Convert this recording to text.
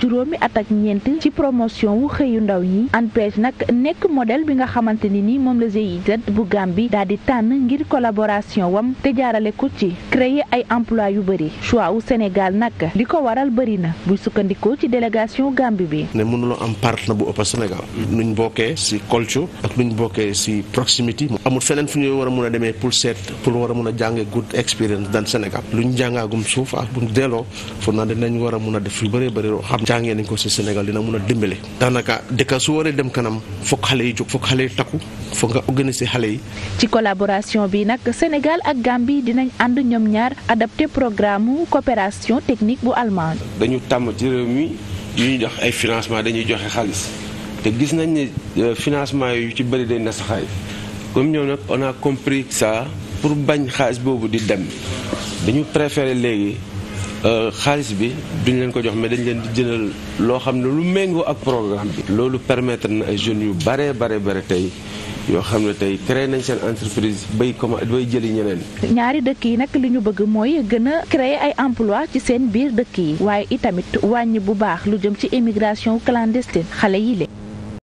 juróomi at ak ñeent ci promotion wu xëyu ndaw yi ANPEJ nag nekk modèle bi nga xamante ni ni moom la GIZ bu Gàmbi daal di tànn ngir collaboration wam te jaarale ko ci créer ay emploi yu bëri choix wu Sénégal nag li ko waral bëri na buy sukkandikoo ci délégation Gàmbi bi. ne mënuloo am partenaire bu ëpp Sénégal. nuñ bokkee si culture ak nuñ bokkee si proximité. amul feneen fu ñu war a mun a demee pour set pour war a mun a jàngee good experience dans Sénégal luñ jàngaagum suuf ak buñ delloo foog naa dinañ war a mun a def yu bëree bëri jàngee nañ ko si Sénégal dina mun a dimbale daanaka dëkk su waree dem kanam foog xale yi jóg foog xale yi takku foog nga organiser xale yi. ci collaboration bi nag Sénégal ak Gambie dinañ ànd ñoom ñaar adapté programme coopération technique bu allemande. dañu tàmm ci réew mi yu jox ay financement dañuy joxe xaalis te gis nañ ni euh, financement yu ci bëri day nasaxaay comme ñoom nag on a compris ça pour bañ xaalis boobu di dem dañu préféré léegi. Euh, xaalis bi duñ leen ko jox ma dañ leen di jëlal loo xam ne lu méngoo ak programme bi. loolu permettre na ay jeunes yu baree bare bare tey. yoo xam ne tey créé nañ seen entreprise bay comment bay jëli ñeneen. ñaari dëkk yi nag li ñu bëgg mooy gën a créer ay emploi ci seen biir dëkk yi waaye itamit wàññi bu baax lu jëm ci immigration clandestine xale yi le